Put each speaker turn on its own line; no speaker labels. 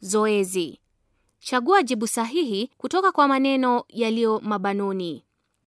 Zoezi: chagua jibu sahihi kutoka kwa maneno yaliyo mabanoni.